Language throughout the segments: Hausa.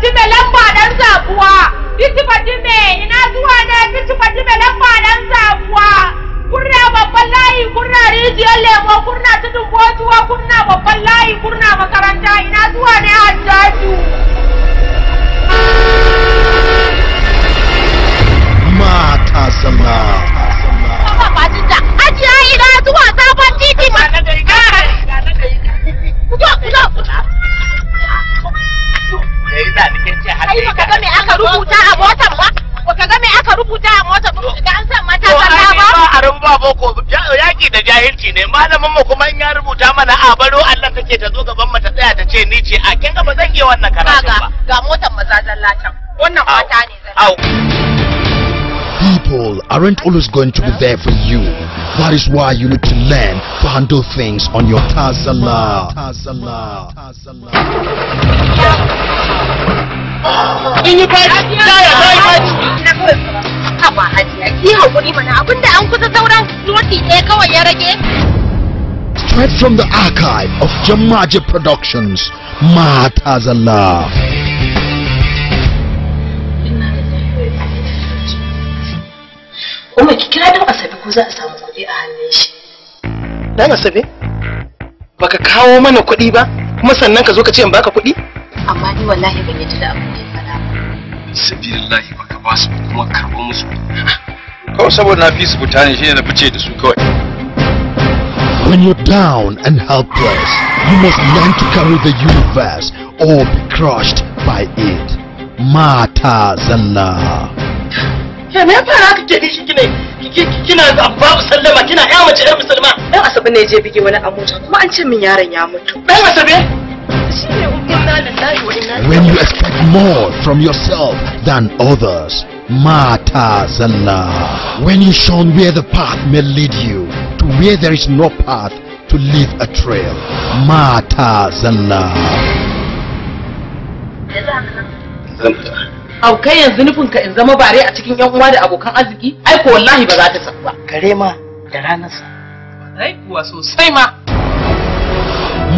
Fatime lamba dan sabuwa, zabuwa. Titi Fatime ina zuwa ne Titi Fatime lamba dan sabuwa? Kurna babban layi kurna rijiyar lemo kurna tudun botuwa kurna babban layi kurna makaranta ina zuwa ne Hajjaju. Mata sama. Kuma fasinja, ajiya ina zuwa sabon titi. Kuto, da bikin ce har kai baka ga me aka rubuta a motar ba baka ga me aka rubuta a motar ba ga an san mata zalla ba a arin ba boko yaki da jahilci ne malamin mu kuma in ya rubuta mana a baro Allah take ta zo gaban mu ta tsaya ta ce ni ce a kin ga ba zan iya wannan karatu ba ga motar maza zalla can wannan mata ne zalla People aren't always going to be there for you. That is why you need to learn to handle things on your Tazala. Straight from the archive of Jamaje Productions, Ma Tazala. Umma ki kira dan Asabe ko za a samu kuɗi a hannun shi. Dan Asabe? Baka kawo mana kuɗi ba kuma sannan ka zo ka ce in baka kuɗi? Amma ni wallahi ban yadda da abu da fara faɗa ba. Sabilillahi baka ba su kuma karɓo musu. Kawai saboda na fi su fita ne shine na fice da su kawai. When you're down and helpless, you must learn to carry the universe or be crushed by it. Mata Zalla. ke me yasa haka ke kishi kine kina babu sallama kina ya mace yar musulma dan asabe ne je bige wani abuja kuma an ce min yaron ya mutu dan asabe When you expect more from yourself than others, Mata Zalla. When you shone where the path may lead you to where there is no path to leave a trail, Mata Zalla. aukai yanzu nufin ka in zama bare a cikin yan uwa da abokan arziki ai ko wallahi ba za ta sabu ba kare ma da ranar sa ai kuwa sosai ma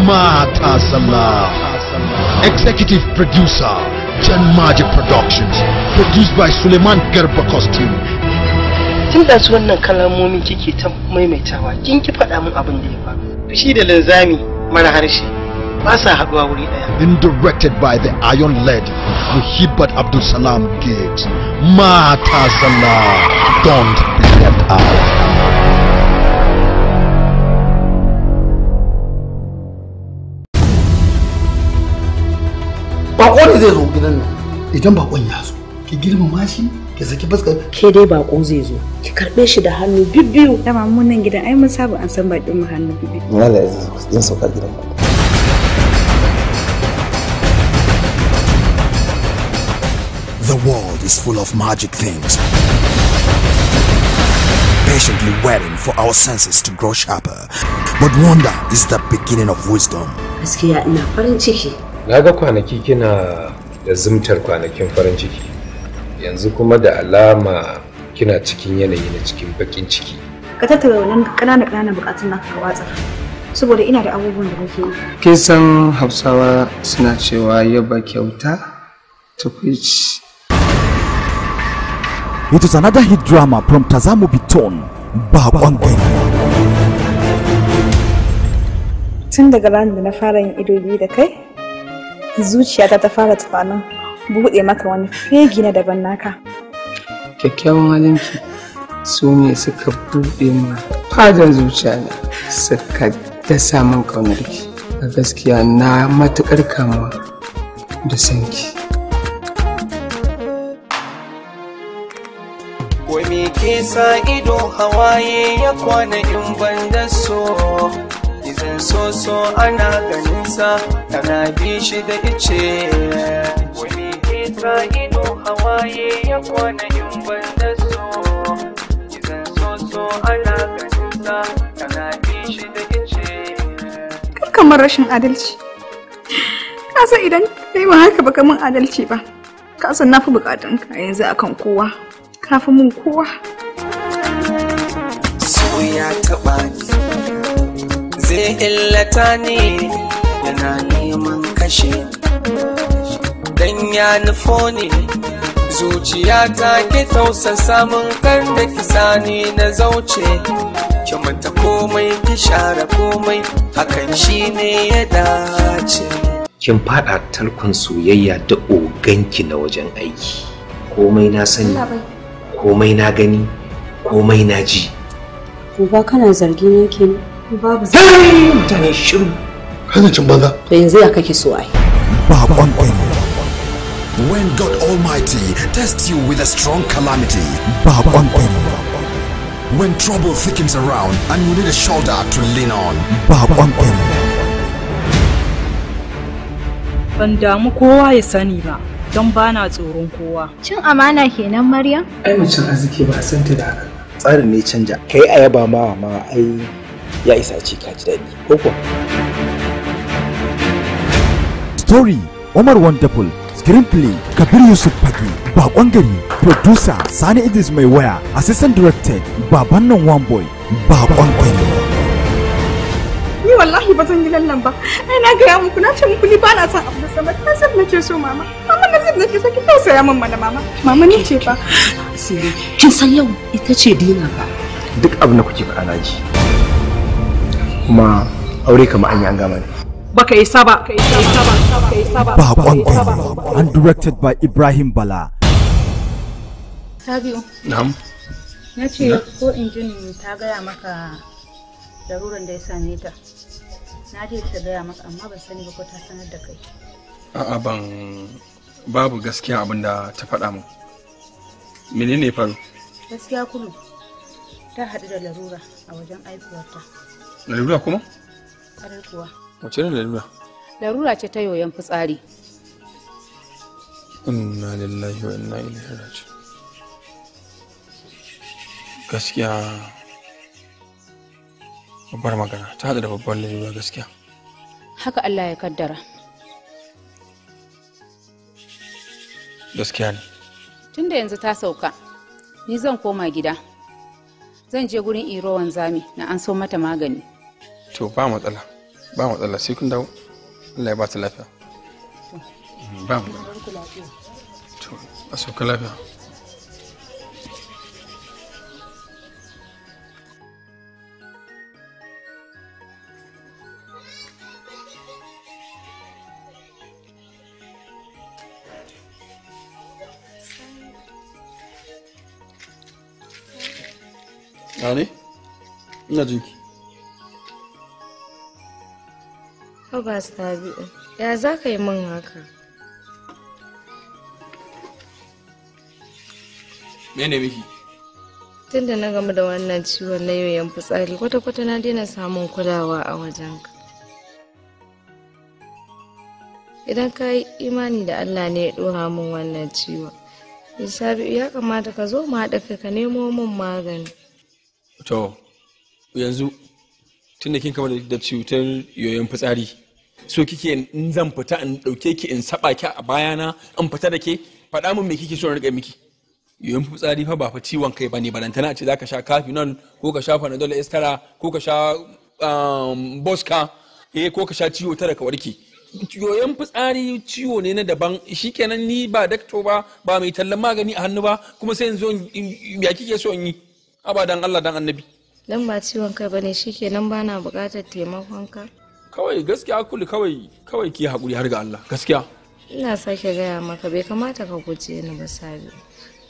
mata sallah executive producer Jan Magic Productions produced by Suleiman Garba Costume tun da su wannan kalamomin kike ta maimaitawa kin ki faɗa min abin da ya faru shi da linzami mara harshe ba sa wuri ɗaya. indirected directed by the Iron Led Muhibbat Abdul Salam Gate. Mata Salam, don't be left out. Bako zai zo gidan nan. Idan bakon ya zo, ki girmama shi, ki saki fuskar. Ke dai bakon zai zo, ki karɓe shi da hannu bibbiyu. biyu. mun nan gidan ai mun saba an san bakin mu hannu bibbiyu. Wala ya zo, zan saukar gidan ku. The world is full of magic things, patiently waiting for our senses to grow sharper. But wonder is the beginning of wisdom. Gaskiya ina farin ciki. Na ga kwanaki kina da zumtar kwanakin farin ciki. Yanzu kuma da alama kina cikin yanayi na cikin bakin ciki. Ka tattara wannan ƙananan ƙananan bukatun naka ka watsa. Saboda ina da abubuwan da kake yi. Kin san Hausawa suna cewa yaba kyauta ta kuici It is another hit drama from Tazamo Biton, Bagwangen. Tun daga ranar da na fara yin ido biyu da kai, zuciyata ta fara tufanin buɗe maka wani fegi na daban naka. Kyakkyawan halinki su ne suka buɗe ma fadan zuciya ne suka dasa min ki A gaskiya na matuƙar kamuwa da sanki. ke sa ido hawaye ya kwana in ban da so idan so so ana ganin sa kana bi shi da ice wani ido hawaye ya kwana idan ana ganin sa shi da ice kamar rashin adalci kasa idan kai ma haka baka min adalci ba kasa na fi bukatun ka yanzu akan kowa kafi mun kowa so ya taɓa ni zai illata ni yana neman kashe dan ya nufo ni zuciya ta ke tausa samun kar da kisa ni na zauce ki manta komai ki share komai hakan shi ne ya dace kin fada tarkon soyayya da oganki na wajen aiki komai na sani komai na gani komai na ji ba kana zargi ne ke ne babu zargi mutane shiru cin banza to yanzu ya kake so ai ba kwankwai When God Almighty tests you with a strong calamity, ba when trouble thickens around and you need a shoulder to lean on, ba ban damu kowa ya sani ba. don bana tsoron kowa. Cin amana kenan Maryam? Ai mucin arziki ba san ta da haka. Tsarin ne canja. Kai a yaba ma ma ai ya isa ce ka ji dadi. Koko. Story Omar Wonderful Screenplay Kabir Yusuf Fagi Bakon gari Producer Sani Idris Mai Waya Assistant Director Baban nan One Boy Bakon gari. ni wallahi ba zan yi lallan ba ai na gaya muku na ce muku ni ba na san abu da sama na san nake so mama da ke saki kansa ya min mana mama. Mama ni ce fa. Sire, kin san yau ita ce dina fa. Duk abin da kuke faɗa na ji. Kuma aure kamar an yi an gama ne. Baka yi saba. Bakon and undirected by Ibrahim Bala. Sabiu. Na'am. Na ce ko injinin ta gaya maka daruran da ya same ta. Na je ta gaya maka amma ban sani ba ko ta sanar da kai. A'a ban babu gaskiya abin da ta faɗa mu menene faru gaskiya kuma ta haɗu da larura a wajen aikuwarta larura kuma kuwa wace ne larura larura ce ta yoyon fitsari inna lillahi wa inna ilaihi raji gaskiya babbar magana ta haɗu da babbar larura gaskiya haka Allah ya kaddara gaskiya ne tunda yanzu ta sauka ni zan koma gida zan je gurin iro wanzami na an so mata magani to ba matsala ba matsala sai kun dawo Allah ya ba ta lafiya mm, ba matsala to a sauka lafiya na ne ina jinki ya za ka yi min haka mene miki tun da na gamu da wannan ciwon na yan fitsari kwata-kwata na daina samun kulawa a wajenka idan ka yi imani da allah ne ya ɗora min wannan ciwon ya kamata ka zo mu haɗa ka nemo min magani to yanzu tunda kin kama da cutar yoyon fitsari so kike in zan fita in dauke ki in saba ki a bayana in fita da ke faɗa min me kike so in rika miki yoyon fitsari fa ba fa ciwon kai bane barantana a ce zaka sha kafi nan, ko ka sha panadol estara ko ka sha um, boska eh ko ka sha ciwo tara ka warke yoyon fitsari ciwo ne na daban Shi kenan ni ba dakto ba ba mai tallan magani a hannu ba kuma sai yanzu ya kike so in yi abadan Allah dan annabi dan ba ciwon kai bane ba na buƙatar taimakon ka kawai gaskiya kuli kawai kawai ki hakuri har ga Allah gaskiya ina sake gaya maka bai kamata ka guje ni ba sabi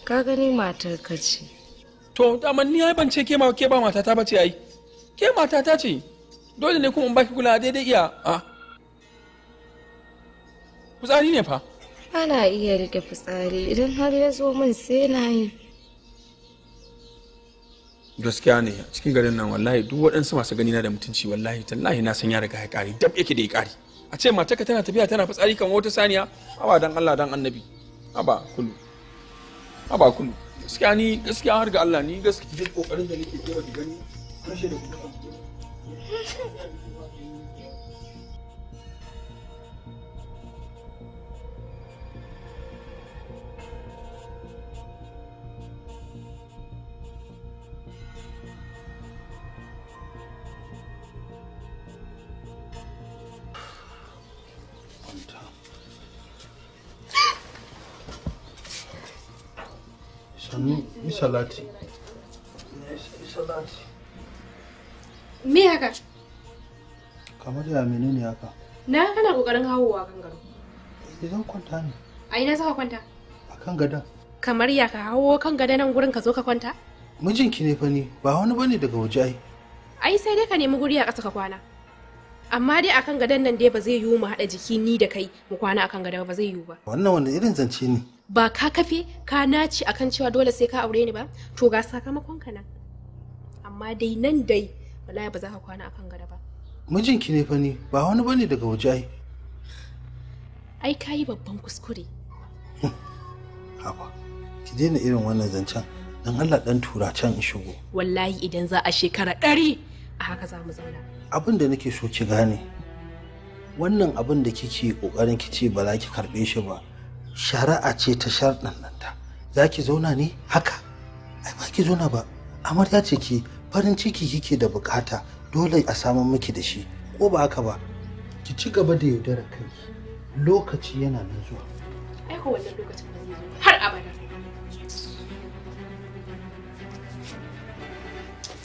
ka gani matar ka ce to daman ni ai ban ce ke ma ke ba mata ta bace ai ke mata ta ce dole ne kuma in baki kula daidai iya a fitsari ne fa ana iya rike fitsari idan har ya zo min sai na yi gaskiya ne a cikin garin nan wallahi duk waɗansu masu gani na da mutunci wallahi tallahi na san ya riga ya ƙari dab yake da ya ƙari a ce mata ka tana tafiya tana fitsari kan wata saniya haba dan Allah dan annabi haba kullu haba kullu gaskiya ni gaskiya har ga Allah ni gaskiya duk kokarin da nake yi da gani rashe da kuma Amin, yi Me haka? Kamar ya menene haka? Na kana kokarin hawowa kan gado. Idan eh, kwanta ne. A ina saka kwanta? A kan gada. Kamar ya ka hawo kan gadon nan gurin ka zo ka kwanta? Mijinki ne fa ni, ba wani bane daga waje ai. Ai sai dai ka nemi guri a ƙasa ka kwana. amma dai akan gadon nan dai ba zai yiwu mu haɗa jiki ni da kai mu kwana akan gadon ba zai yiwu ba wannan wanda irin zance ne ba ka kafe ka naci akan cewa dole sai ka aure ni ba to ga sakamakon ka nan amma dai nan dai wallahi ba za ka kwana akan gado ba mijinki ne fa ni ba wani bane daga waje ai ai kai babban kuskure haba ki daina irin wannan zancen dan Allah dan tura can in shigo wallahi idan za a shekara ɗari a haka za mu zauna abin da nake so ki gane wannan abin da kike kokarin ki ce ba ki karbe shi ba shari'a ce ta sharɗanta za ki zauna ne haka ai ba ki zauna ba amarya ce ki farin ciki kike da bukata dole a samu miki da shi ko ba haka ba ki ci gaba da yaudara kai lokaci yana nan zuwa ai ko wannan lokacin ba zai zo har abada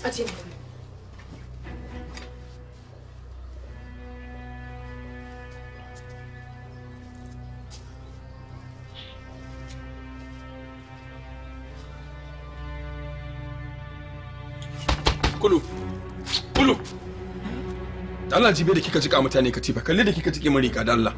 a ce Bello. Da Allah jibe da kika jika mutane ka tifa kalle da kika jike mun riga da Allah.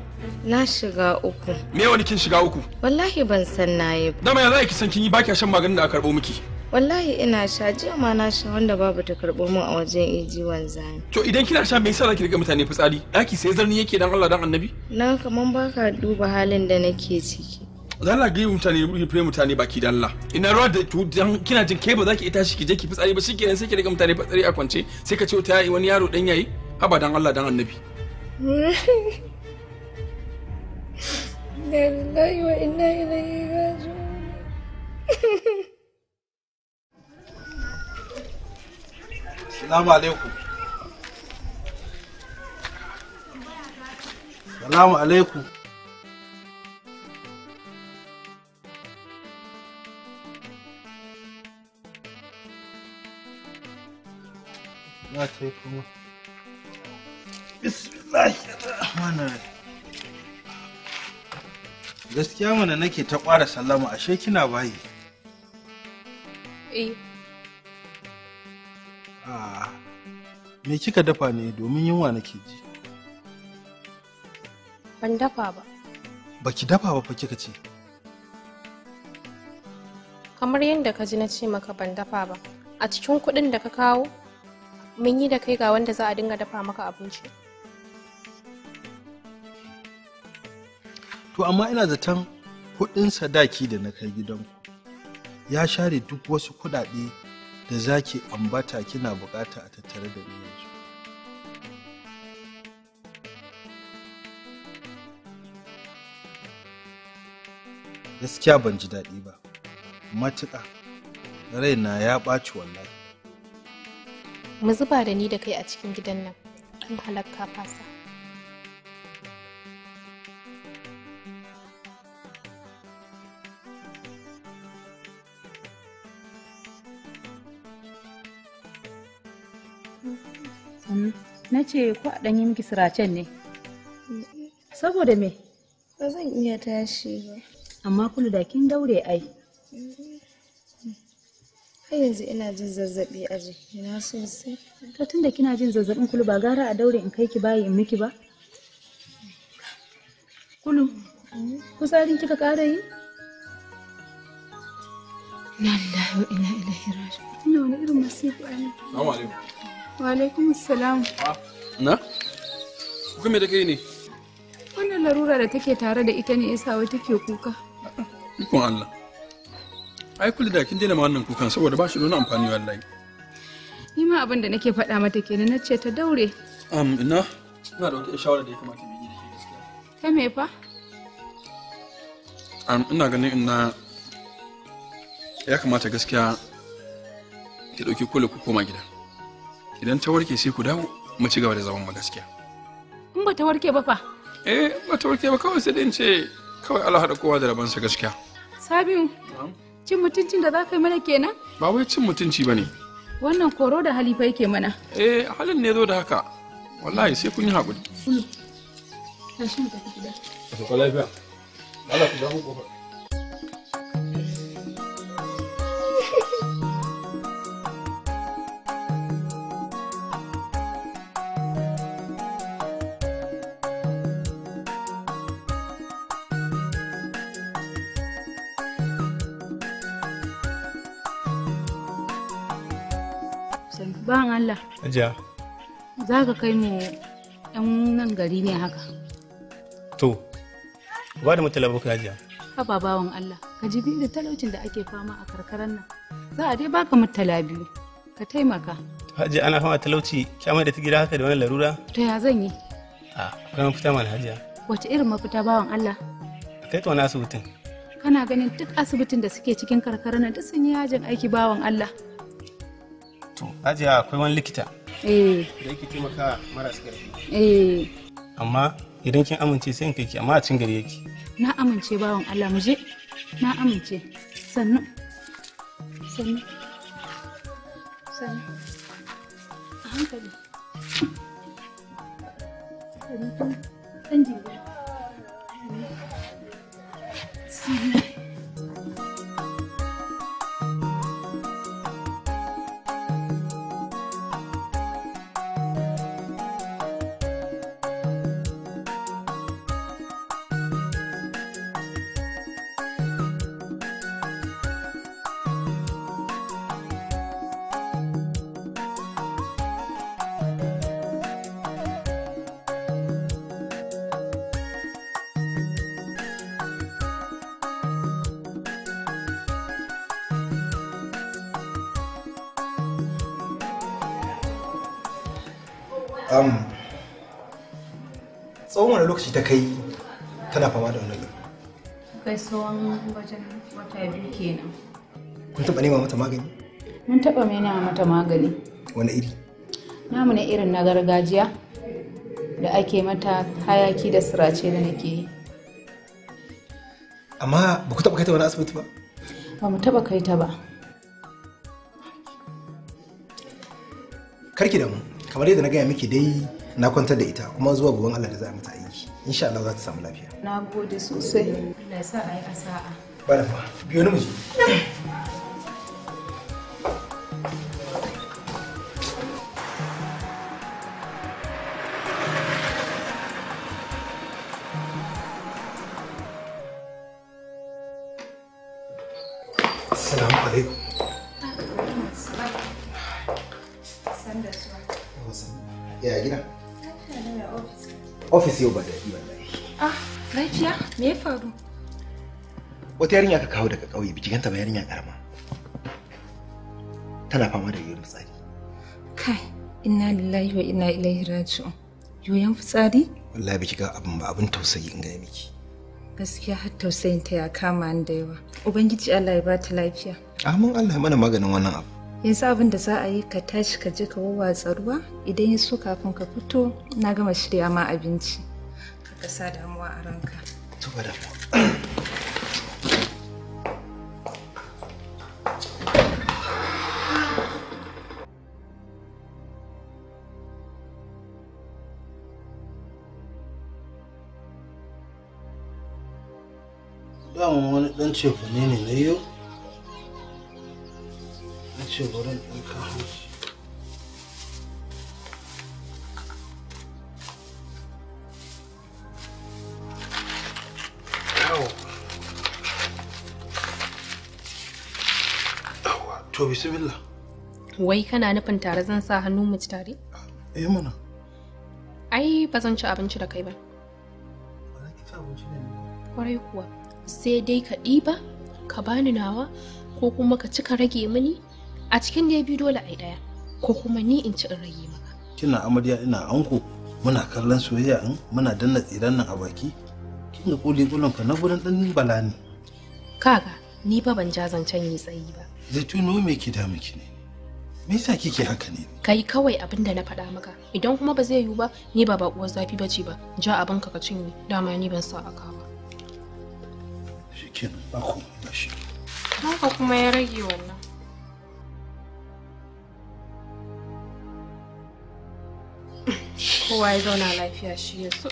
Na shiga uku. Me wani kin shiga uku? Wallahi ban san nayi ba. mai zai za ki san kin yi baki shan maganin da aka karbo miki. wallahi ina sha jiya ma na sha wanda babu ta karbo min a wajen AG e wanzami to idan kina sha me yasa zaki riga mutane fitsari daki sai zarni yake dan Allah dan annabi nan kaman baka duba halin da nake ciki zalla ga mutane fiye mutane baki dalla ina ruwa da kina jin kai ba za ki ita shi ki je ki fitsari ba shikenan sai ki riga mutane fitsari a kwance sai ka ce ta wani yaro dan yayi haba dan Allah dan annabi لله وإنا إليه راجعون Salamu alaikum. Salamu alaikum. za ta yi kuma gaskiya mana nake ta ƙwara sallama ashe kina bayi eh me kika dafa ne domin yunwa nake ji ban dafa ba baki dafa ba fa kika ce kamar yadda ka ji na ce maka ban dafa ba a cikin kuɗin da ka kawo mun yi da kai ga wanda za a dinga dafa maka abinci to amma ina zaton kuɗin sadaki da na kai gidanku ya share duk wasu kuɗaɗe da zaki ambata kina buƙata a tattare da ni gaskiya ban ji daɗi ba matuƙa raina ya ɓaci wallahi mu zuba da ni da kai a cikin gidan nan in halakka fasa na ce ko a ɗanyi miki siracen ne saboda me ba zan iya tashi ba amma kulu da kin daure ai har yanzu ina jin zazzabi a jikina sosai to tunda kina jin zazzabin kulu ba gara a daure in kai ki bayi in miki ba kulu kusarin kika ƙara yi lallahi wa ina ilahi raji ina wani irin masifu a nan wa alaikum assalam ah, na kuka me da kai ne wannan larura da take tare da ita ne yasa wata ke kuka ikon Allah ai kula da kin daina ma wannan kukan saboda ba shi nuna amfani wallahi ni ma abin da nake faɗa mata kenan na ce ta daure am ina ina da wata shawara da ya kamata mu yi da shi gaskiya ta me fa am ina ganin ina ya kamata gaskiya ki dauki kula ku koma gida idan ta warke sai ku dawo mu ci gaba da zaman mu gaskiya in ba ta warke ba fa eh ba ta warke ba kawai sai dai ce kawai Allah haɗa kowa da rabansa gaskiya sabiu cin mutuncin da za ka yi mana kenan ba wai cin mutunci ba ne wannan koro da halifa yake mana eh halin ne zo da haka wallahi sai kun yi haƙuri ka mm. gida ka lafiya Allah ku Hajiya. Za ka kai mu ɗan nan gari ne haka. To, ba da mutala baka Hajiya. Haba bawan Allah, ka ji da talaucin da ake fama a karkarar nan. Za a dai baka mutala biyu, ka taimaka. Hajiya ana fama talauci, kyamar da ta gida haka da wani larura? To ya zan yi? A, kuma mafita mana Hajiya. Wace irin mafita bawan Allah? Kai ta wani asibitin. Kana ganin duk asibitin da suke cikin karkarar nan duk sun yi yajin aiki bawan Allah. To, Hajiya akwai wani likita. Eh. da yake taimaka maras ƙarfi eh. amma idan kin amince sai in kai ki amma a cin gari yake na amince bawan Allah muje na amince sannu sannu sannu a hankali sannu sannu tsawon wani lokaci ta kai tana fama da wannan kai tsawon wajen wata biyu kenan kun taba nema mata magani mun taɓa nema mata magani wani iri namu ne irin na gargajiya da ake mata hayaki da sirace da nake yi amma ba ku taba kai ta wani asibiti ba ba mu taba kai ta ba karki da mu kamar yadda na gaya miki dai na kwantar da ita kuma zuwa gaban Allah da za a mata aiki insha Allah za ta samu lafiya na gode sosai Allah ya sa a yi asa'a bala fa biyo ni mu Assalamu alaikum. Ya gida? ofis yau ba daɗi wallahi. Ah, Rajiya, Me ya faru? Wata yarinya ka kawo daga ƙauye, biki ganta ba yarinya karama. Tana fama da yoyon fitsari. Kai, inna lillahi wa inna ilaihi raji'un. Yoyon fitsari? Wallahi biki ga abin ba abin tausayi in gaya miki. Gaskiya har tausayin ta ya kama ni da yawa. Ubangiji Allah ya ba ta lafiya. Amin Allah ya mana maganin wannan abu. yanzu abin da za a yi ka tashi ka je ka wawwatsa ruwa idan ya so kafin ka fito na gama shirya ma abinci ka kasa damuwa a ranka dan wani ɗan cefa ne na yau? ce bari in kawo shi To bismillah. Wai kana nufin tare zan sa hannu mu ci tare? Eh mana. Ai ba zan ci abinci da kai ba. Kwarai kuwa. Sai dai ka ɗiba, ka bani nawa, ko kuma ka cika rage mini, a cikin da biyu dole yi daya ko kuma ni in ci in rage maka kina amarya ina anko muna kallon soyayya in muna danna tsiran nan a baki kin ga kuli kulun ka na gurin dan bala ne kaga ni fa ban ja zancen yi tsayi ba zaitunu me ki da miki ne me yasa kike haka ne kai kawai abin da na faɗa maka idan kuma ba zai yiwu ba ni ba bakuwar zafi ba ce ba ja abin ka ka cinye dama ni ban sa a Shi kenan, ba ku ba shi kuma ya rage wannan kowa ya zauna lafiya shi ya so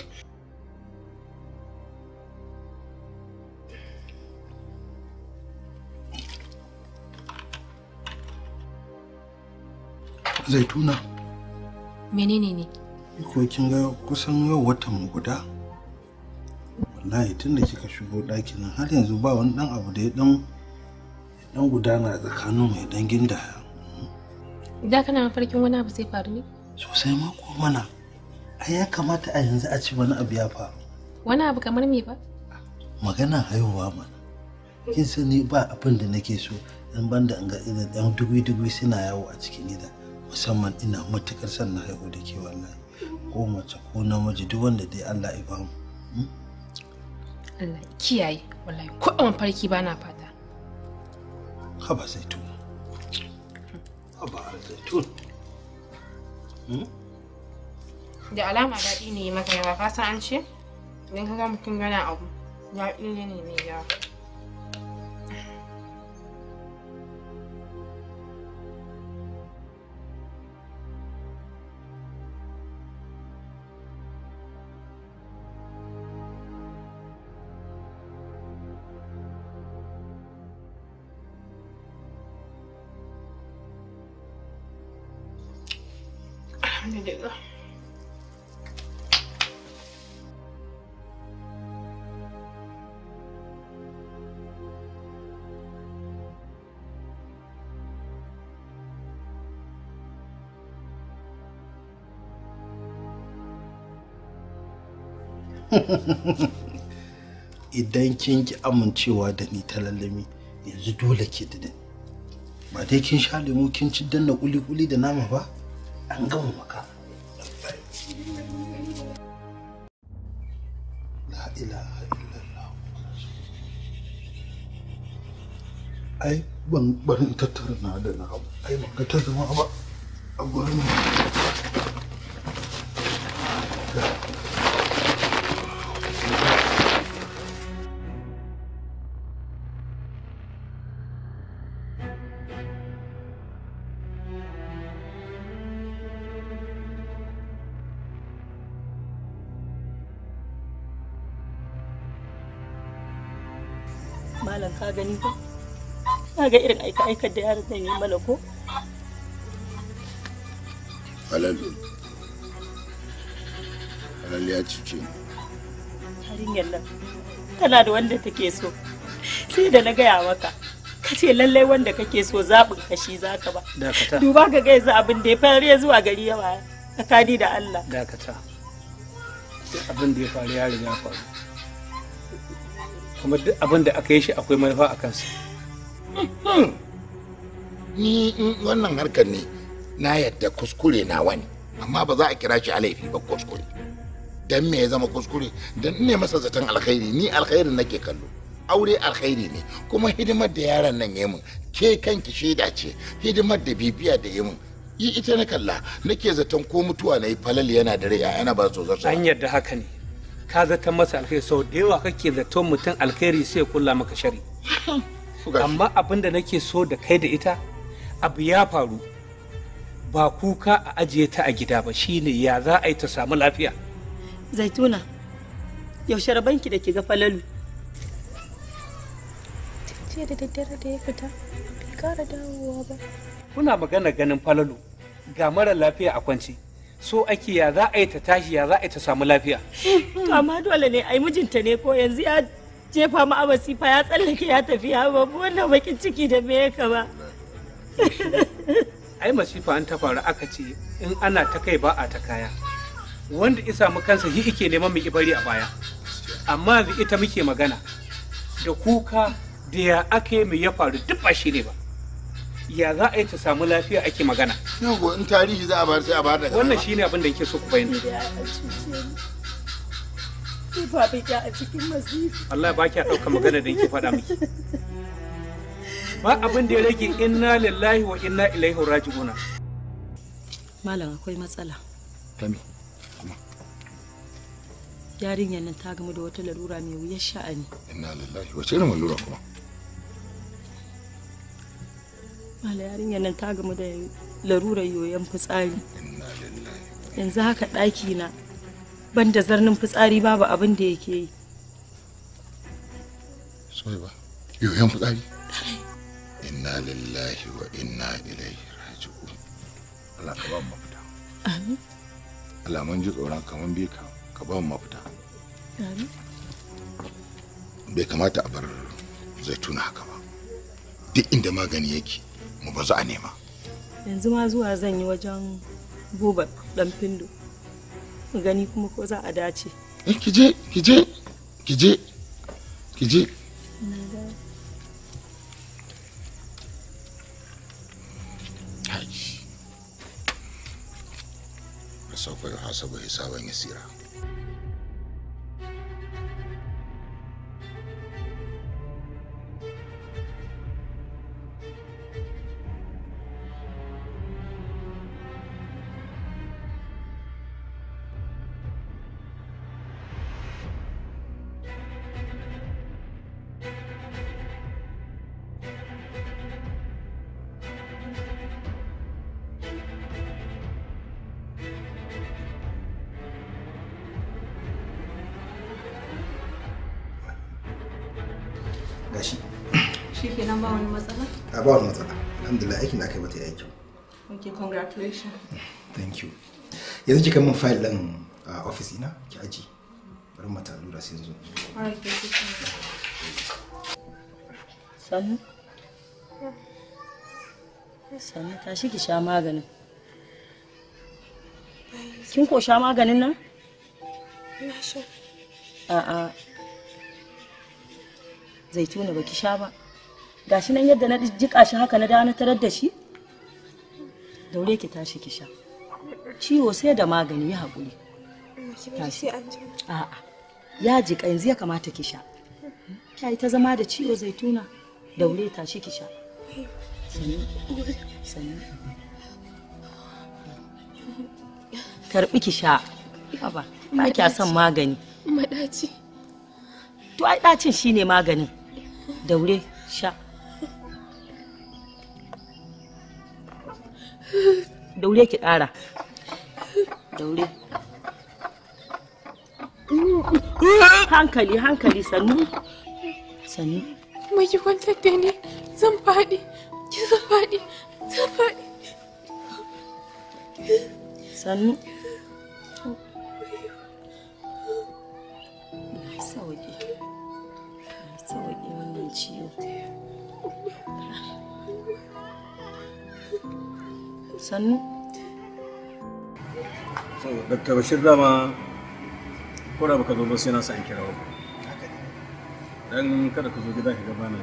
zaituna menene ne ko kin ga kusan yau watan guda wallahi tun da kika shigo ɗakin nan har yanzu ba wani ɗan abu da ya ɗan ɗan gudana tsakanin mai dangin da. Idan kana mafarkin wani abu zai faru ne sosai ma ko mana a ya kamata a yanzu a ci wani abu ya faru wani abu kamar me ba magana haihuwa mana kin sani ba abin da nake so in ban da ɗan dubi dubi suna yawo a cikin gida musamman ina matukar son na haihu da ke wallahi ko mace ko namiji duk wanda dai Allah ya bamu hmm? Allah kiyaye wallahi ko a mafarki ba na fata haba zaitun haba hmm? da alama daɗi ne maka yawa ka an ce idan ka ga mutum yana abu daɗi ne ne mai yawa idan kin ki amincewa da ni ta lallami yanzu dole ke da ni ba dai kin sha lemu kin ci danna kuli-kuli da nama ba an gama maka la ilaha illallah ai ban ban tattara na da na ai ban ga ta ba a gurin ka gani ba na ga irin aika aikar da yaron zan yi mana ko halal halal ya cuce ni yarinyar tana da wanda take so sai da na gaya maka ka ce lallai wanda kake so zaɓin kashi za ka ba duba ka ga yanzu abin da ya fara zuwa gari yawa tsakani da Allah dakata abin da ya faru ya riga faru kuma duk abin da aka yi shi akwai manufa a kansa ni wannan harkar ne na yadda kuskure na wani amma ba za a kira shi alaifi ba kuskure dan me ya zama kuskure dan ne masa zaton alkhairi ni alkhairin nake kallo aure alkhairi ne kuma hidimar da yaran nan ya mun ke kanki shaida ce hidimar da bibiya da ya mun yi ita na kalla nake zaton ko mutuwa na yi falal yana da rai yana ba su zarta an yadda haka ne ka zata masa alkhairi sau da yawa kake zaton mutum alkhairi sai kula maka shari amma abin da nake so da kai da ita abu ya faru ba kuka a ajiye ta a gida ba shine ya za a yi ta samu lafiya zaituna yaushe rabanki da ke ga falalu jiya da daddare da ya fita bai kara dawowa ba kuna magana ganin falalu ga mara lafiya a kwance so ake ya za a yi ta tashi ya za a yi ta samu lafiya to hmm, amma dole ne ai mijinta ne ko yanzu ya jefa mu a masifa ya tsallake ya tafi ya babu wannan bakin ciki da me yaka ba ai masifa an ta faru aka ce in ana ta kai ba a ta kaya wanda isa mu kansa shi ike neman mu ibari a baya amma yanzu ita muke magana da kuka da ya ake mu ya faru duk ba shi ne ba ya za a yi ta samu lafiya ake magana yau in tarihi za a bar sai a bar daga wannan shine abin da yake so ku bayyana Ki ba bi a cikin masifi. Allah ba ki dauka magana da yake faɗa miki ba abin da ya rage inna lillahi wa inna ilaihi raji'una malam akwai matsala kami yarinyar nan ta gama da wata larura mai wuyar sha'ani inna lillahi wa inna ilaihi kuma mala yarinyar nan ta gamu da larurar yoyon fitsari yanzu haka ɗaki na ban da zarnin fitsari babu abin da yake yi ba yoyon fitsari inna lillahi wa inna ilaihi raji'un Allah ka ba mafita amin Allah mun ji tsoron kaman bai ka ka ba mafita amin bai kamata a bar zaituna haka ba duk inda magani yake mu bazu a nema yanzu ma zuwa zan yi wajen buba dan findo gani kuma ko za a dace kije kije kije kije سوف يحاسب حسابا يسيرا congratulations thank you yanzu kika min file din a office ina ki aji bari mata sai yanzu sannu sannu tashi ki sha maganin kin ko sha maganin nan na sha a'a zaituna baki sha ba gashi nan yadda na jika shi haka na dana na tarar da shi daure ki tashi ki sha ciwo sai da magani ya haƙuri tashi a'a ya jika yanzu ya kamata ki sha kai ta zama da ciwo zaituna daure tashi ki sha sani karbi ki sha ba ba kya son magani madaci to ai dacin shine maganin daure sha daure ki ƙara daure hankali hankali sannu sannu mai ki kwantar da ni zan faɗi ki zan faɗi zan faɗi sannu Thank you. sannu so dr bashir dama ko da baka zo ba sai na sa in kira ba dan kada ka zo gida ka gaba nan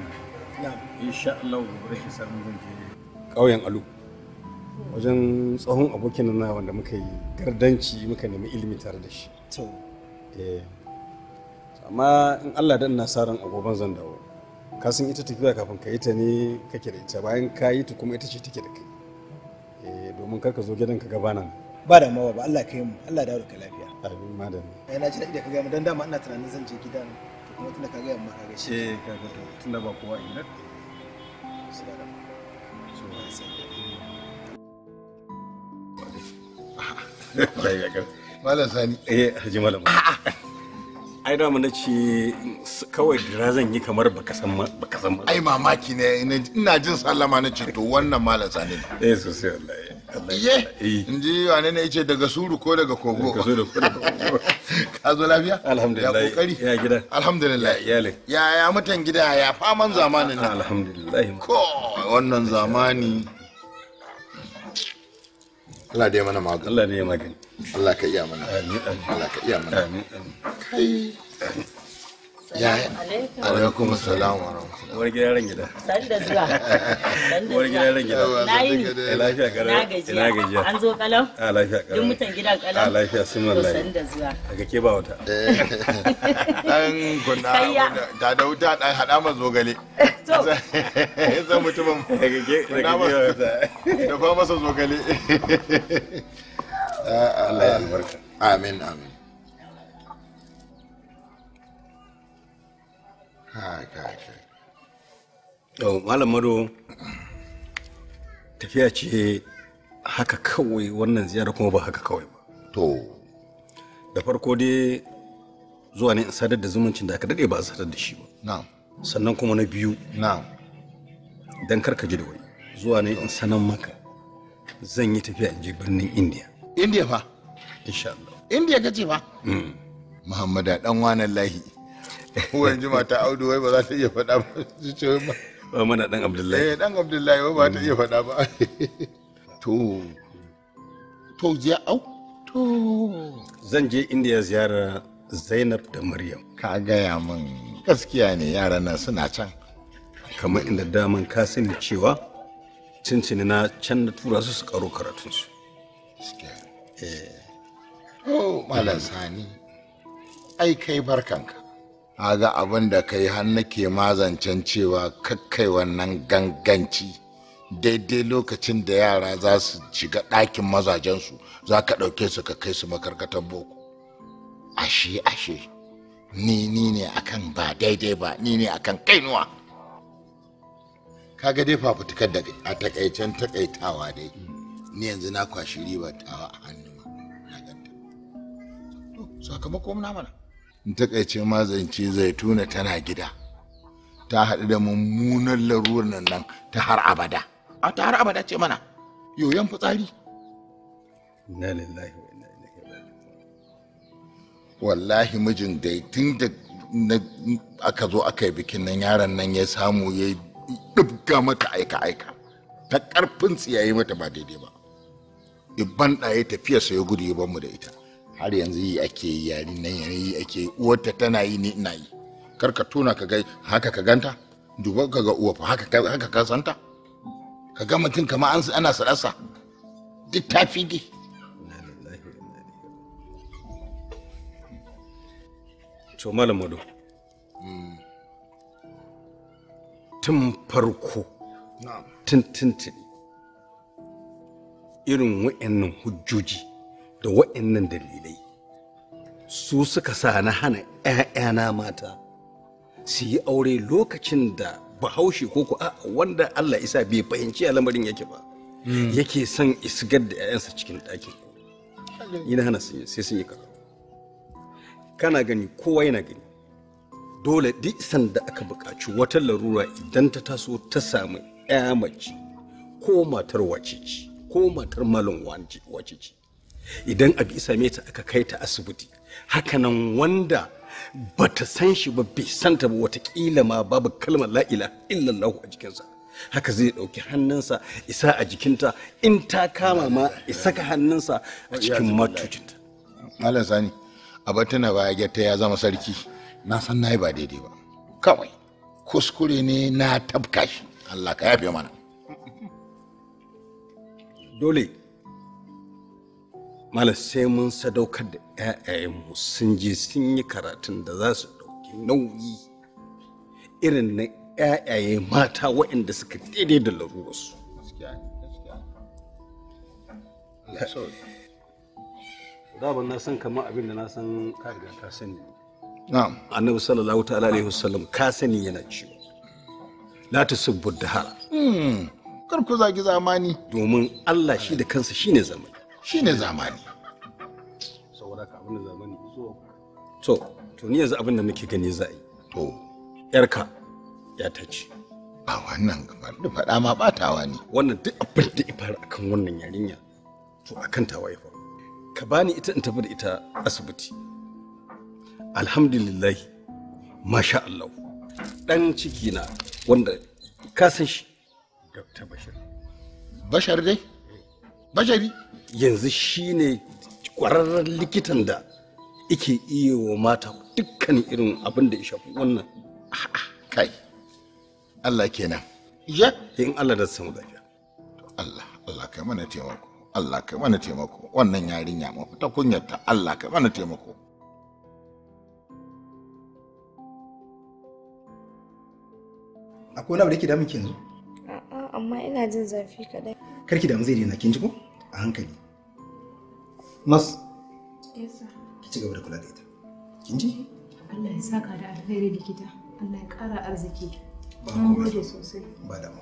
insha Allah gobe ki samu zan je ƙauyen alu wajen tsohon abokin na wanda muka yi gardanci muka nemi ilimi tare da shi to eh amma in Allah dan nasaran agoban zan dawo ka san ita tafiya kafin ka yi ta ne kake da ita bayan ka yi ta kuma ita ce take da kai domin kar ka zo gidan ka gabana ba da mawa ba Allah ka yi mu Allah dawo ka lafiya amin madan ai eh, na ji da ka ga mu dan dama ina tunanin zan je gidan to kuma tunda ka ga yamma ka ga shi eh ka ga to tunda ba kowa ina Malam Sani. Eh, Haji Malam. ai da na ce kawai dira zan yi kamar baka san baka san ai mamaki ne ina jin sallama na ce to wannan malam sani eh sosai wallahi iye eh. in ji wane ne yace daga suru ko daga kogo ka zo lafiya alhamdulillah ya kokari ya gida alhamdulillah ya le ya ya mutan gida ya faman zamani ne. alhamdulillah ko wannan zamani Allah da ya mana magani Allah da ya magani Allah ka iya mana Allah ka iya mana kai ya alaikum alaikum salam wa rahmatullahi wani gidan ran gida san da zuwa wani gidan ran gida na yi ne eh, lafiya kalau ina gajiya an zo kalau a ah, lafiya kalau duk mutan gidan kalau a ah, lafiya sun wallahi san da zuwa daga ke ba wata dan eh. kunna da da wuta dan hada ma zogale to zan mutumin daga ke daga ke da fa masa zogale ah, Allah ya albarka amin amin yau malam mado tafiya ce haka kawai wannan ziyara kuma ba haka kawai ba to da farko dai zuwa ne in sadar da zumuncin da aka daɗe ba a sadar da shi ba sannan kuma na biyu don karka ji da wai zuwa ne in sanan maka zan yi tafiya in je birnin indiya indiya fa insha Allah indiya ce fa mm. muhammada dan wanan lahi wayan juma ta audu wai ba za ta iya faɗa ba su ce ba mana dan abdullahi eh dan abdullahi wai ba ta iya faɗa ba to to ziya au to zan je indiya ziyara zainab da maryam ka gaya min gaskiya ne yaran nan suna can kamar inda daman ka sani cewa cincini na can da tura su su karo karatunsu eh oh malam sani ai kai barkanka ga abin da ka yi har nake mazancen cewa kakkai wannan ganganci daidai lokacin da yara za su shiga ɗakin mazajensu za ka ɗauke su ka kai su makarkatar boko ashe ashe ni ni ne akan ba daidai ba ni ne akan kainuwa kaga dai fafutukar da a takaicen takaitawa dai ni yanzu na kwashi riba tawa a hannu na ganta sakamakon in takaice ma zance zaituna tana gida ta haɗu da mummunan laruwar nan nan ta har abada a ta har abada ce mana yoyon fitsari na lillahi wa wallahi mijin dai tun da aka zo aka yi bikin nan yaron nan ya samu ya dubga mata aika aika ta karfin tsiyayi mata ba daidai ba ibban ɗaya tafiya ya gudu ya mu da ita har yanzu yi ake yi yari na yi ake yi uwarta tana yi ni ina yi kar ka tona ka ga haka ka ganta duba ka ga uwa haka haka ka santa ka ga mutum kamar an ana sarasa duk ta fi dai to malam mado tun farko tun tun irin wa'annan hujjoji da wa'annan dalilai su suka sa na hana 'ya'yana mata su yi aure lokacin da bahaushe ko ku wanda Allah isa bai fahimci lamarin yake ba hmm. yake son isgar da 'ya'yansa cikin ɗakin ina hana sun sai sun yi kaza kana gani kowa yana gani dole duk sanda aka buƙaci wata larura idan ta taso ta samu 'ya mace ko matar wacece ko matar wacece idan abu same ta aka kai ta asibiti hakanan wanda ba ta san shi ba bai santa ba watakila ma babu kalmar la'ila illallahu a jikinsa haka zai ɗauki hannunsa isa a jikinta in ta kama ma isa ka hannunsa a cikin matucinta malam sani abar tana ya gyatta ya zama sarki na san na yi ba daidai ba kawai kuskure ne na tabka shi allah ka yafe mana dole malam sai mun sadaukar da 'ya'yayenmu sun je sun yi karatun da za su ɗauki nauyi irin na 'ya'yaye mata waɗanda suka daidai da larurarsu daban na san kamar abin da na san ka ka sani annabi sallallahu ta'ala alaihi wasallam ka sani yana cewa la tasubbu dahara hmm. kar ku zagi zamani domin Allah shi da kansa shine zamani shine zamani saboda ka abin da zamani zo to to ni yanzu abin da nake gani za yi to yarka ya tace a wannan gabar da faɗa ma batawa ne wannan duk abin da ifar akan wannan yarinya to akan tawa ya faru ka bani ita in tafi da ita asibiti Alhamdulillahi. masha Allah dan ciki na wanda ka san shi Dr. Bashir Bashar dai Bashari yanzu shine kwararren likitan da ike iya wa mata dukkan irin abin da ya shafi wannan kai Allah kenan ya in Allah da samu lafiya Allah Allah kai mana taimako Allah kai mana taimako wannan yarinya mafita kunyarta Allah kai mana taimako akwai wani da ke damun ki yanzu a'a amma ina jin zafi kadai karki damu zai daina kin ji ko a hankali Mas. Ki ci gaba da kula da ita. Kin ji? Allah ya saka da alheri likita. Allah ya ƙara arziki. Ba sosai Ba mu.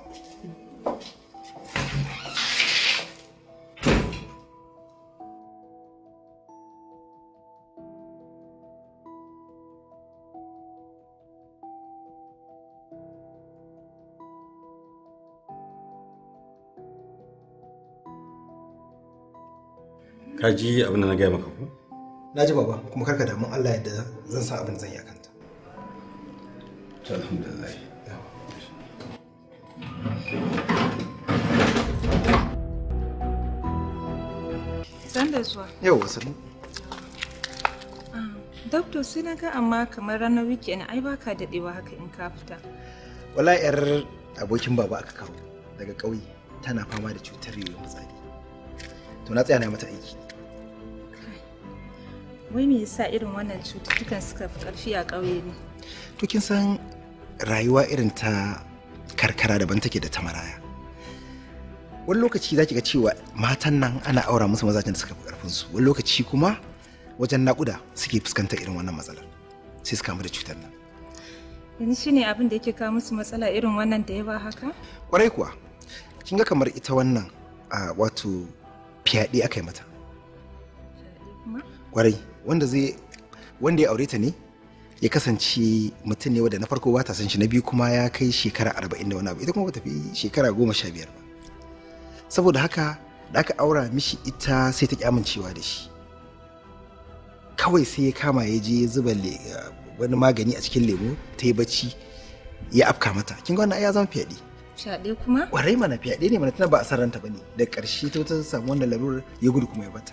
ka ji abin da na gaya maka ko na ji baba kuma karka damu Allah yadda zan san abin zan yi kanta to alhamdulillah san da zuwa yau wasu ah, Dokto sai na ga amma kamar ranar weekend ai baka dadewa haka in ka fita. Wala yar abokin baba aka kawo daga ƙauye tana fama da cutar yoyon fitsari. To na tsaya na mata aiki. wai me yasa irin wannan cututtukan suka fi ƙarfi a ƙauye ne to kin san rayuwa irin ta karkara daban take da ta maraya wani lokaci za ki ga cewa matan nan ana aura musu mazajen da suka fi ƙarfin su wani lokaci kuma wajen naƙuda suke fuskantar irin wannan matsalar sai su kamu da cutar nan yanzu shine abin da yake kawo musu matsala irin wannan da yawa haka ƙwarai kuwa kin ga kamar ita wannan wato fiyaɗe aka yi mata ƙwarai wanda zai wanda ya aure ta ne ya kasance mutum ne wanda na farko ba ta san shi na biyu kuma ya kai shekara arba'in da wani abu ita kuma ba ta fi shekara goma sha biyar ba saboda haka da aka aura mishi ita sai ta amincewa da shi kawai sai ya kama ya je zuba eh, wani magani a cikin lemo ta yi bacci ya afka mata kin ga wannan ya zama fyaɗe fyaɗe kuma ƙwarai mana fyaɗe ne mana tana ba a san ranta bane da ƙarshe ta ta samu wannan larurar ya gudu kuma ya bata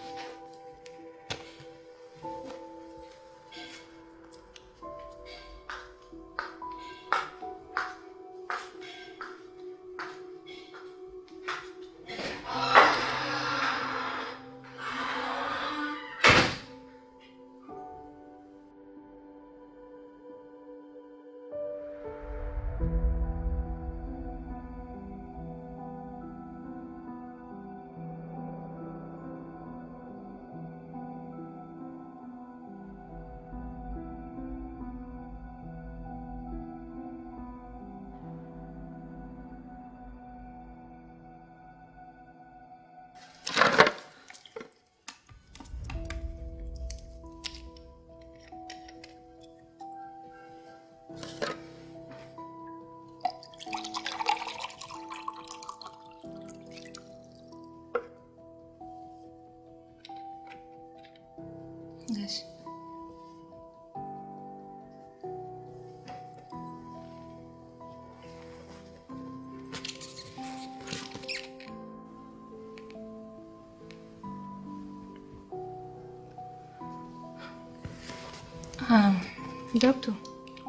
Doctor.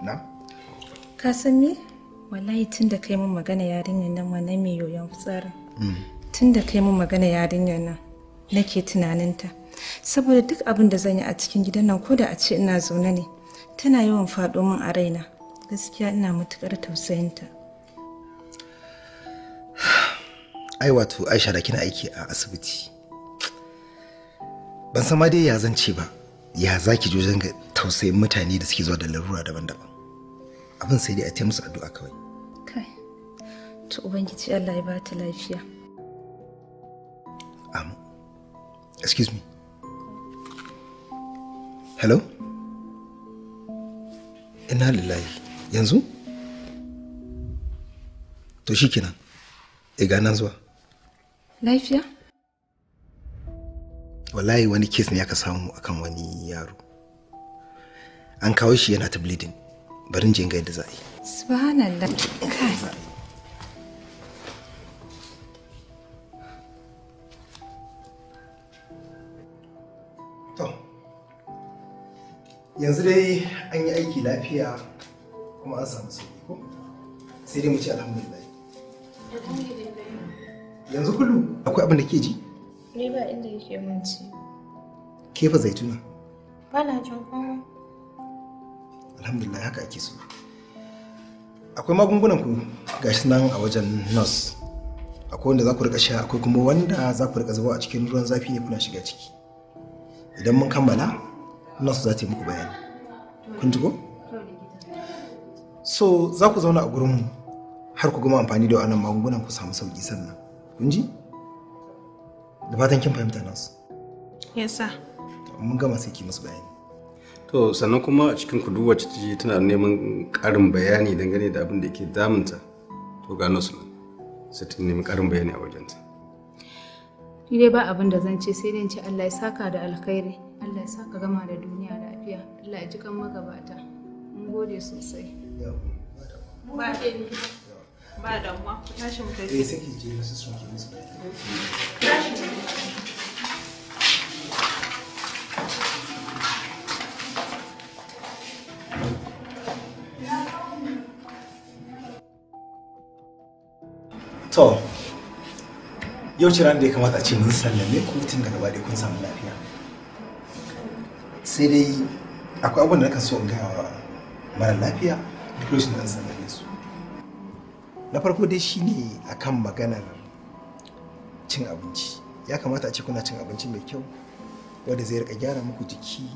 Na? Ka san me? Wallahi tun da kai mun magana yarinyar nan wannan mai yoyon fitsarin. Mm. Tun da kai mun magana yarinyar nan nake tunaninta. Saboda duk abin da zan yi a cikin gidan nan ko da a ce ina zaune ne tana yawan faɗo min a raina. Gaskiya ina matuƙar tausayinta. Ai wato Aisha da kina aiki a asibiti. Ban san ma dai ya zan ce ba. Ya zaki je wajen tausayin mutane da suke zuwa da larura daban-daban abin sai dai a taya musu addu'a kawai kai to ubangiji Allah ya bata lafiya amu excuse me hello ina lillahi yanzu to kenan. e eh, gana zuwa lafiya wallahi wani kes ne aka samu akan wani yaro an kawo shi yana ta bleeding barin je ga yadda za a yi subhanallah yanzu dai an yi aiki lafiya kuma an samu sauki ko sai dai mu ce alhamdulillah yanzu kullum akwai abin da ke ji ne ba inda yake mun ke fa zaituna ba na jin komai alhamdulillah haka ake so akwai magungunan ku gashi nan a wajen nurse akwai wanda za ku rika sha akwai kuma wanda za ku rika zuba a cikin ruwan zafi ne kuna shiga ciki idan mun kammala nurse za ta yi muku bayani kun ji ko so za ku zauna a gurinmu har ku gama amfani da wannan magungunan ku samu sauki sannan kun ji da fatan kin fahimta nurse yes sir mun gama sai ki musu bayani to sannan kuma a cikin kudu wacce ce tana neman ƙarin bayani dangane da abin da ke damunta to gano su nan sai ta nemi ƙarin bayani a wajenta ni dai ba abin da zan ce sai dai ce Allah ya saka da alkhairi Allah ya saka gama da duniya lafiya Allah ya ji kan magabata mun gode sosai ba ba ku tashi mu eh, sai je wasu sun ki musu to yau ce ran da ya kamata a ce mun sallame ku tun daga baɗe kun samu lafiya sai dai akwai abin da nakan so in gaya wa mara lafiya duk lokacin da an sallame su na farko dai shine akan maganar cin abinci ya kamata a ce kuna cin abinci mai kyau wanda zai rika gyara muku jiki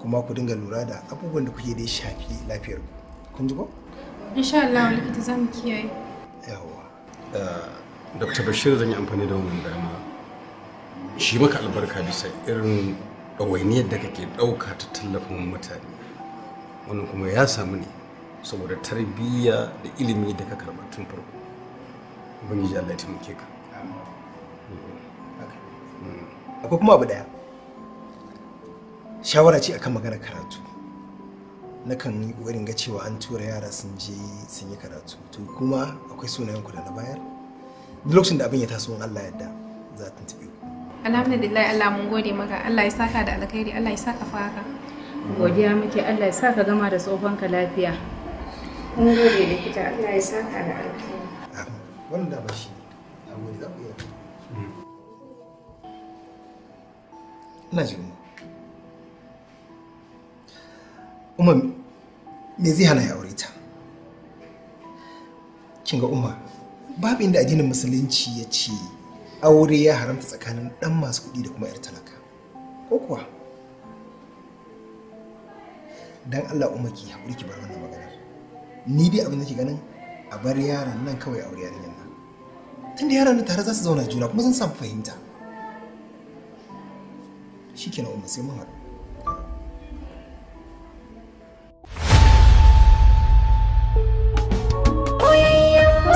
kuma ku dinga lura da abubuwan da kuke da shafi lafiyar ku kun ji ko insha Allah likita zamu kiyaye yawa Eh, dr bashir zan yi amfani da wannan dama shi maka albarka bisa irin ɗawainiyar da kake ɗauka ta tallafin mutane wannan kuma ya samu ne saboda tarbiyya da ilimi da ka karɓa tun farko ubangiji allah ta muke ka akwai kuma abu ɗaya shawara ce akan maganar karatu na kan ƙoƙarin ga cewa an tura yara sun je sun yi karatu to kuma akwai sunayen ku da na bayar duk lokacin da abin ya taso Allah yarda za ta tafi alhamdulillah Allah mun gode maka Allah ya saka da alkhairi Allah ya saka faka godiya muke Allah ya saka gama da tsofan ka lafiya mun gode likita kita Allah ya saka da alkhairi wannan da ba shi a gode za ku iya hmm. ina jin Uma, me zai hana ya aure ta kin ga umma babu inda addinin musulunci ya ce aure ya haramta tsakanin dan masu kuɗi da kuma 'yar talaka ko kuwa dan Allah Uma ki haƙuri ki bar wannan magana ni dai abin da ke ganin a bar yaran nan kawai aure yarinyar nan tunda yaran nan tare za su zauna juna kuma sun samu fahimta shikenan umma sai mun haɗu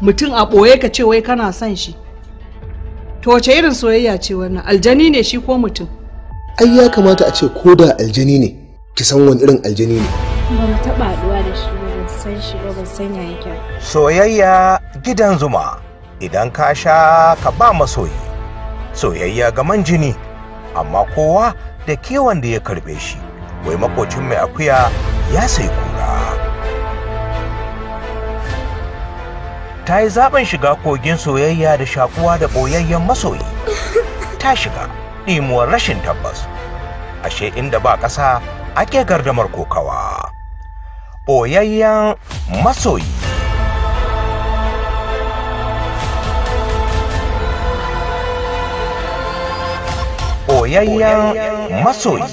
mutum a ɓoye ka ce wai kana son shi to wace irin soyayya ce wannan aljani ne shi ko mutum ai ya kamata a ce ko da aljani ne ki san wani irin aljani ne ba mu taɓa haɗuwa da shi ba ban san shi ba ban san yake soyayya gidan zuma idan ka sha ka ba masoyi soyayya ga man jini amma kowa da kewan da ya karbe shi wai makocin mai akuya ya sai ku ta yi zaben shiga kogin soyayya da shakuwa da ɓoyayyen masoyi ta shiga ɗimuwar rashin tabbas ashe inda ba ƙasa ake gardamar kokawa ɓoyayyen masoyi ɓoyayyen masoyi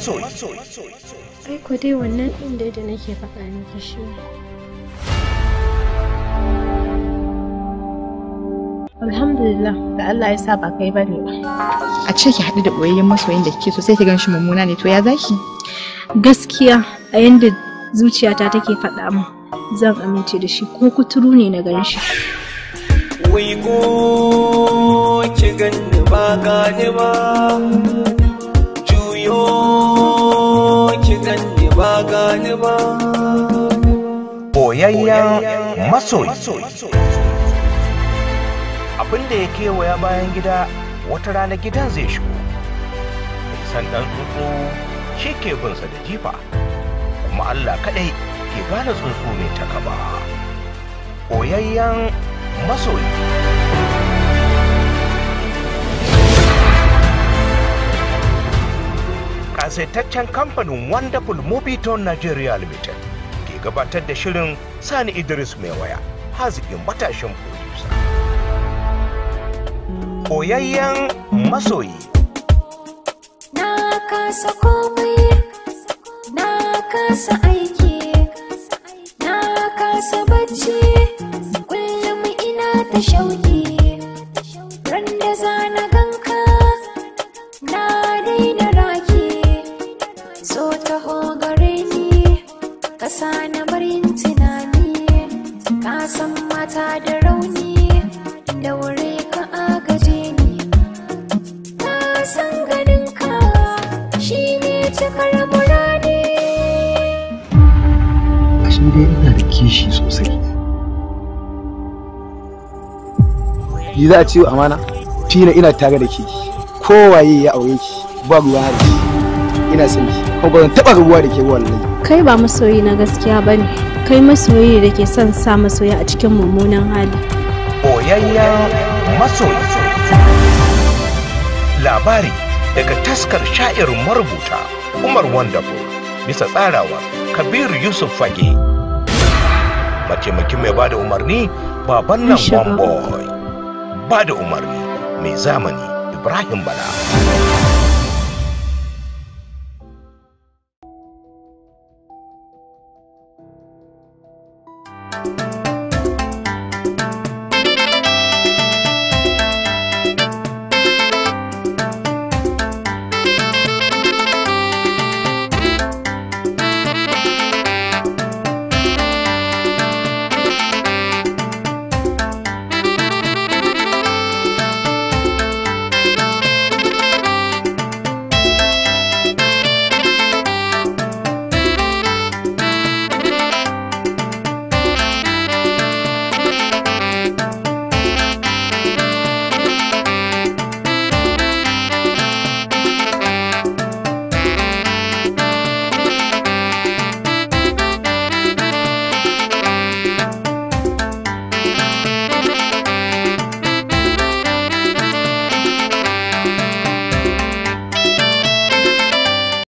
ai ku dai wannan inda da nake faɗa miki shi Alhamdulillah da Allah ya sa ba kai ba ne ba. A ce ki haɗu da ɓoyayyen masoyin da kike so sai ki gan shi mummuna ne to ya zaki? Gaskiya a yanda zuciyata take faɗa min zan amince da shi ko kuturu ne na gan shi. Wai ko ki ganni ba gane ba juyo ki ganni ba gane ba. masoyi. abin da ya kewaya bayan gida wata rana gidan zai shigo san ɗan tsuntsu shi ke binsa da jifa kuma allah kaɗai ke gane tsuntsu mai ta kaba oyayyan masoyi kasaitaccen kamfanin wonderful movie nigeria limited ke gabatar da shirin sani idris mai waya haziƙin matashin producer koyayyen masoyi. Na kasa komai, na kasa aiki, na kasa bacci, kullum ina ta shauki. Yi za a ce amana tina ina tare da ke kowaye ya aure ki ba ruwa da ke ina son ki kuma ba zan taba ruwa da ke wallahi kai ba masoyi na gaskiya ba ne, kai masoyi da ke son sa masoya a cikin mummunan hali boyayyen masoyi labari daga taskar sha'irin marubuta umar wonderful bisa tsarawa kabiru yusuf fage mataimakin mai bada umarni baban nan one ba da umarni mai zamani Ibrahim Bala.